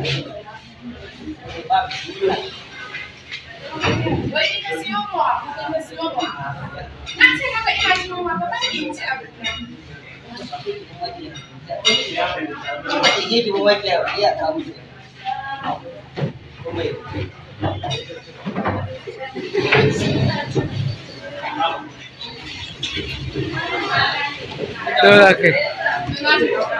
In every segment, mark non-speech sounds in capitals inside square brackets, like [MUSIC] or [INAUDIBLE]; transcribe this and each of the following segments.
Terima kasih.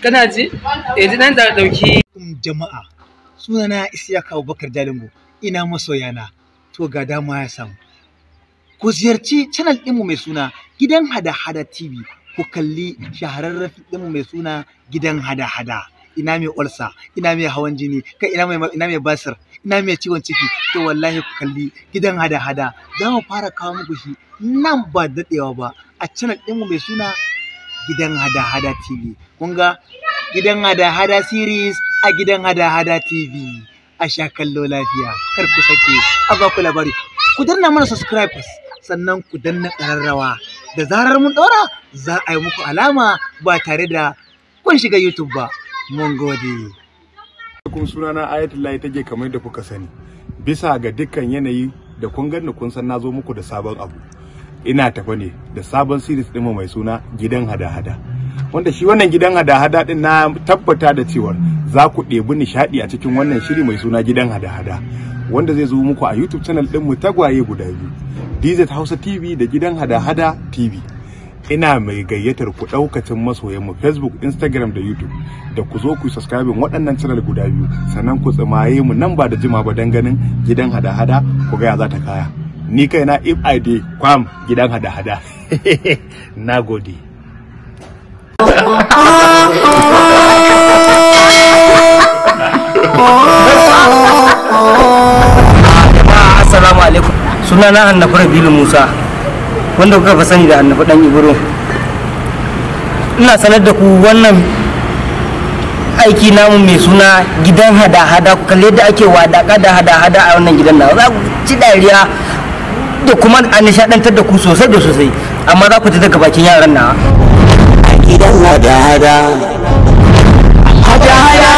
kana ji yanzu eh, nan da dauki jama'a sunana kawo bakar jalingo ina masoyana to ga dama ya samu ku ziyarci channel ɗinmu mai suna gidan hada hada tv ku kalli shahararren fitin mai suna gidan hada-hada ina mai ulsa ina mai hawan jini kai ina mai ina basir ina mai ciwon ciki to wallahi ku kalli gidan hada-hada za mu fara kawo muku shi nan ba daɗewa ba a channel ɗinmu mai suna gidan hada-hada tv kun ga gidan hada-hada series a gidan hada-hada tv a shakallo lafiya kar ku sake a ba labari ku danna mana subscribers sannan ku danna ƙararrawa da zarar mun ɗora za a yi muku alama ba tare da kun shiga YouTube ba. Mun gode. Kun sunana Ayatullahi take kamar da kuka sani. Bisa ga dukkan yanayi da kun ganni kun san na zo muku da sabon abu. Ina tafa ne da sabon series ɗinmu mai suna gidan hada-hada. Wanda shi wannan gidan hada-hada ɗin na tabbata da cewar za ku ɗebi nishaɗi a cikin wannan shiri mai suna gidan hada-hada. Wanda zai zo muku a YouTube channel ɗinmu tagwaye guda biyu. DZ Hausa TV da gidan hada-hada TV. Ina mai gayyatar ku ɗaukacin masoyanmu Facebook, Instagram da YouTube da ku zo ku subscribe waɗannan channel guda biyu sannan ku tsimaye mu nan ba da jima ba dan ganin gidan hada-hada ku gaya za ta kaya. Ni kaina if I dey kwam gidan hada-hada. [LAUGHS] Nagode. [LAUGHS] suna na annabi rabilu musa wanda kuka fa sani da annabi dan ibro ina sanar da ku wannan aiki namu mai suna gidan hada-hada kalle da ake wadaka da hada-hada a wannan gidan na za ku ci dariya da kuma a nishadantar da ku sosai da sosai amma za ku ji daga bakin yaran na gidan hada-hada hada-hada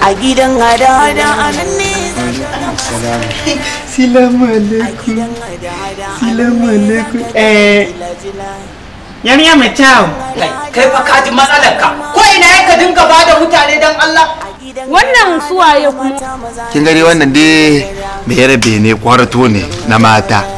a gidan hada-hada Salamu alaikum. Salamu alaikum. Eh. Yariya mai kyau. Kai fa ka ji matsalarka. Ko ina ya ka dinga bada mutane dan Allah. Wannan suwaye kuma. Kin gani wannan dai mai rabe ne kwarato ne na mata.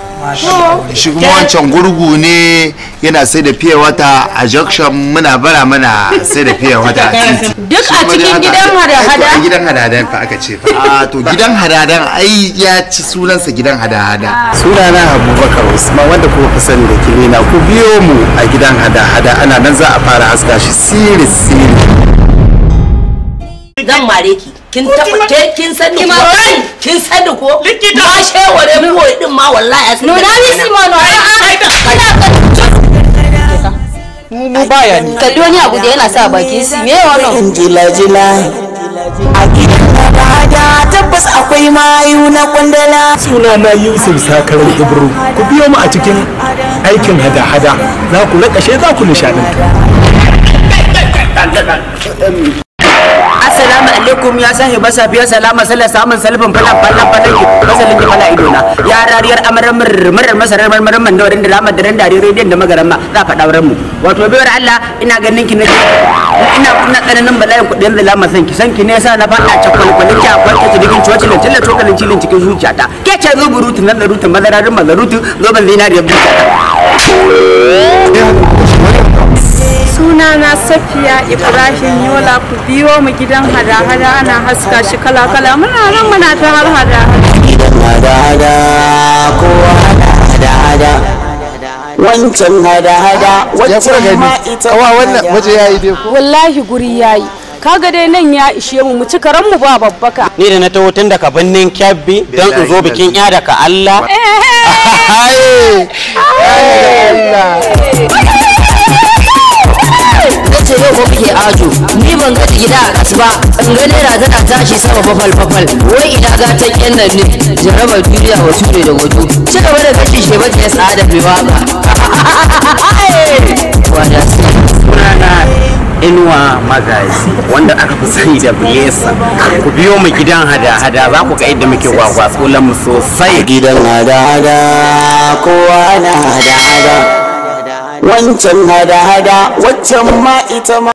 shugaban wancan gurgu ne yana sai da fiye wata a junction muna bara mana sai da fiye wata a titi. [LAUGHS] duk a cikin gidan hada-hada a gidan hada-hadan fa aka ce fa a [LAUGHS] ah, to gidan hada-hadan ai ya ci sunansa gidan hada-hada sunana abubakar usman wanda kuma fi sani da na ku biyo mu a gidan hada-hada ana nan za a fara haska shi siri siri zan mare ki kin taba ke kin sani ko kin sani ko likita ma sheware mu wai din ma wallahi asiri nuna ni simon a a mu mu baya ni kalli wani abu da yana sa baki su me wannan jila jila a gidan na bada tabbas akwai mayu na kundala suna na yusuf sakarar ibro ku biyo mu a cikin aikin hada-hada za ku rakashe za ku nishadantu assalamu alaikum ya sahi basa biya salama sallar samun salifin fala fala fala ki masalin ki fala idona na ya rariyar amaran murmurar masarar marmarin man dawarin da ramar daren dare rediyon da magaran ma za faɗa wurin mu wato baiwar Allah ina ganin ki ne ina kuna tsananin bala'in kuɗin da lama san ki san ki ne yasa na faɗa cakwalkwalin ki akwai ta cikin cuwaci da tilla cokalin cilin cikin zuciyata ke ce zo burutu nan da rutun mazararin mazarutu da zinariyar zuciyata. Eh, Suna na safiya ibrahim yola ku biyo mu gidan hada-hada ana haska shi kala-kala muna nan muna ta har hada-hada gidan hada-hada ko hada-hada wancan hada-hada wancan ma ita wannan waje dai ko wallahi guri yayi kaga dai nan ya ishe mu mu ci karan mu ba babbaka ni da na taho tun daga birnin kyabbi don in zo bikin ya daga Allah eh. ce yau ko kake ajo ni ban ga gida a kasu ba in ga naira tana tashi sama fafal fafal wai ina gatan yan nan ne jaraba duniya wa ture da wajo ci gaba da kashi sheba ta ya tsada mai waka [LAUGHS] wada inuwa magazi wanda aka fi sani da blesa ku biyo mu gidan hada-hada za ku ga yadda muke gwagwatsulan mu sosai gidan hada-hada kowa na hada-hada wancan hada-hada waccan ma ita ma